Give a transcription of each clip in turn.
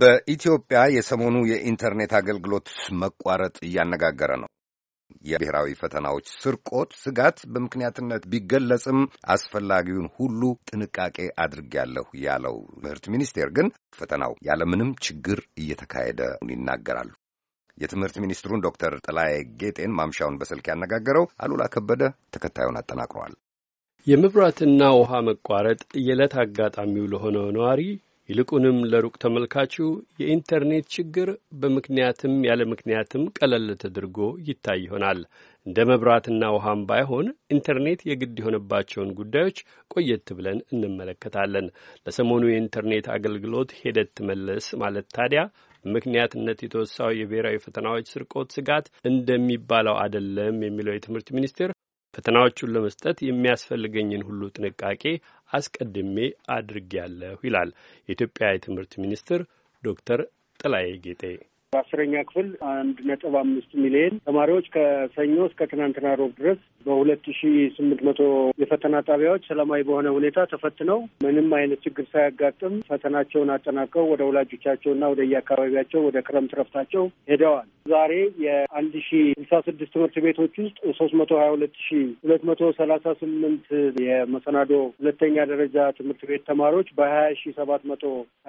በኢትዮጵያ የሰሞኑ የኢንተርኔት አገልግሎት መቋረጥ እያነጋገረ ነው። የብሔራዊ ፈተናዎች ስርቆት ስጋት በምክንያትነት ቢገለጽም አስፈላጊውን ሁሉ ጥንቃቄ አድርጌያለሁ ያለው ትምህርት ሚኒስቴር ግን ፈተናው ያለምንም ችግር እየተካሄደ ይናገራሉ። የትምህርት ሚኒስትሩን ዶክተር ጥላዬ ጌጤን ማምሻውን በስልክ ያነጋገረው አሉላ ከበደ ተከታዩን አጠናቅረዋል። የመብራትና ውሃ መቋረጥ የዕለት አጋጣሚው ለሆነው ነዋሪ ይልቁንም ለሩቅ ተመልካቹ የኢንተርኔት ችግር በምክንያትም ያለ ምክንያትም ቀለል ተደርጎ ይታይ ይሆናል። እንደ መብራትና ውሃም ባይሆን ኢንተርኔት የግድ የሆነባቸውን ጉዳዮች ቆየት ብለን እንመለከታለን። ለሰሞኑ የኢንተርኔት አገልግሎት ሄደት መለስ ማለት ታዲያ ምክንያትነት የተወሳው የብሔራዊ ፈተናዎች ስርቆት ስጋት እንደሚባለው አይደለም የሚለው የትምህርት ሚኒስቴር ፈተናዎቹን ለመስጠት የሚያስፈልገኝን ሁሉ ጥንቃቄ አስቀድሜ አድርጌያለሁ ይላል የኢትዮጵያ የትምህርት ሚኒስትር ዶክተር ጥላዬ ጌጤ። በአስረኛ ክፍል አንድ ነጥብ አምስት ሚሊየን ተማሪዎች ከሰኞ እስከ ትናንትና ሮብ ድረስ በሁለት ሺ ስምንት መቶ የፈተና ጣቢያዎች ሰላማዊ በሆነ ሁኔታ ተፈትነው ምንም አይነት ችግር ሳያጋጥም ፈተናቸውን አጠናቀው ወደ ወላጆቻቸውና ወደ የአካባቢያቸው ወደ ክረምት ረፍታቸው ሄደዋል። ዛሬ የአንድ ሺ ስልሳ ስድስት ትምህርት ቤቶች ውስጥ ሶስት መቶ ሀያ ሁለት ሺ ሁለት መቶ ሰላሳ ስምንት የመሰናዶ ሁለተኛ ደረጃ ትምህርት ቤት ተማሪዎች በሀያ ሺ ሰባት መቶ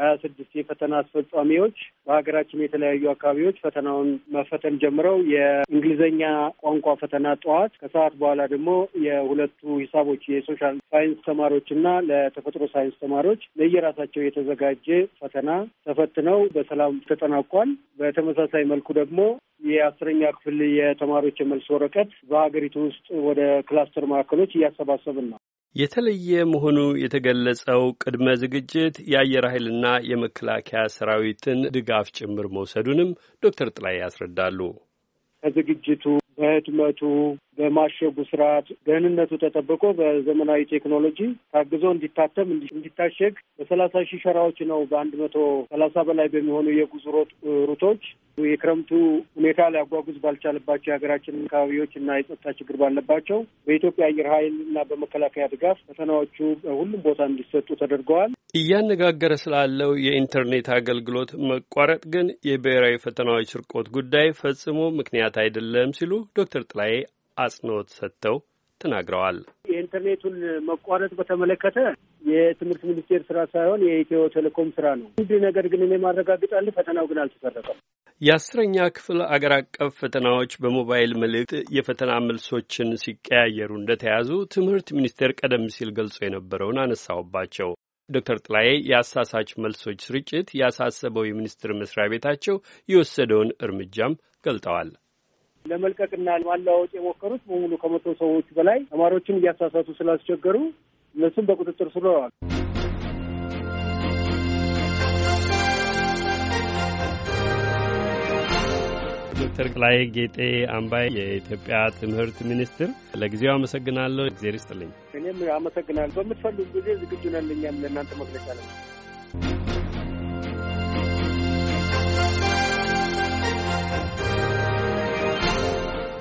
ሀያ ስድስት የፈተና አስፈጻሚዎች በሀገራችን የተለያዩ አካባቢዎች ፈተናውን መፈተን ጀምረው የእንግሊዝኛ ቋንቋ ፈተና ጠዋት፣ ከሰዓት በኋላ ደግሞ የሁለቱ ሂሳቦች የሶሻል ሳይንስ ተማሪዎች እና ለተፈጥሮ ሳይንስ ተማሪዎች ለየራሳቸው የተዘጋጀ ፈተና ተፈትነው በሰላም ተጠናቋል። በተመሳሳይ መልኩ ደግሞ የአስረኛ ክፍል የተማሪዎች የመልስ ወረቀት በሀገሪቱ ውስጥ ወደ ክላስተር ማዕከሎች እያሰባሰብን ነው። የተለየ መሆኑ የተገለጸው ቅድመ ዝግጅት የአየር ኃይልና የመከላከያ ሰራዊትን ድጋፍ ጭምር መውሰዱንም ዶክተር ጥላይ ያስረዳሉ። ከዝግጅቱ በህትመቱ በማሸጉ ስርዓት ደህንነቱ ተጠብቆ በዘመናዊ ቴክኖሎጂ ታግዞ እንዲታተም እንዲታሸግ በሰላሳ ሺህ ሸራዎች ነው በአንድ መቶ ሰላሳ በላይ በሚሆኑ የጉዞ ሩቶች የክረምቱ ሁኔታ ሊያጓጉዝ ባልቻለባቸው የሀገራችን አካባቢዎች እና የጸጥታ ችግር ባለባቸው በኢትዮጵያ አየር ኃይል እና በመከላከያ ድጋፍ ፈተናዎቹ በሁሉም ቦታ እንዲሰጡ ተደርገዋል። እያነጋገረ ስላለው የኢንተርኔት አገልግሎት መቋረጥ ግን የብሔራዊ ፈተናዎች ስርቆት ጉዳይ ፈጽሞ ምክንያት አይደለም ሲሉ ዶክተር ጥላዬ አጽንኦት ሰጥተው ተናግረዋል። የኢንተርኔቱን መቋረጥ በተመለከተ የትምህርት ሚኒስቴር ስራ ሳይሆን የኢትዮ ቴሌኮም ስራ ነው። እንዲ ነገር ግን እኔ ማረጋግጣለሁ፣ ፈተናው ግን አልተሰረቀም። የአስረኛ ክፍል አገር አቀፍ ፈተናዎች በሞባይል መልእክት የፈተና መልሶችን ሲቀያየሩ እንደተያዙ ትምህርት ሚኒስቴር ቀደም ሲል ገልጾ የነበረውን አነሳሁባቸው። ዶክተር ጥላዬ የአሳሳች መልሶች ስርጭት ያሳሰበው የሚኒስትር መስሪያ ቤታቸው የወሰደውን እርምጃም ገልጠዋል። ለመልቀቅና ማለዋወጥ የሞከሩት በሙሉ ከመቶ ሰዎች በላይ ተማሪዎችን እያሳሳቱ ስላስቸገሩ እነሱም በቁጥጥር ስር ውለዋል። ዶክተር ላይ ጌጤ አምባይ የኢትዮጵያ ትምህርት ሚኒስትር፣ ለጊዜው አመሰግናለሁ። እግዜር ይስጥልኝ። እኔም አመሰግናለሁ። በምትፈልጉ ጊዜ ዝግጁ ነን። እኛም ለእናንተ መግለጫ ለ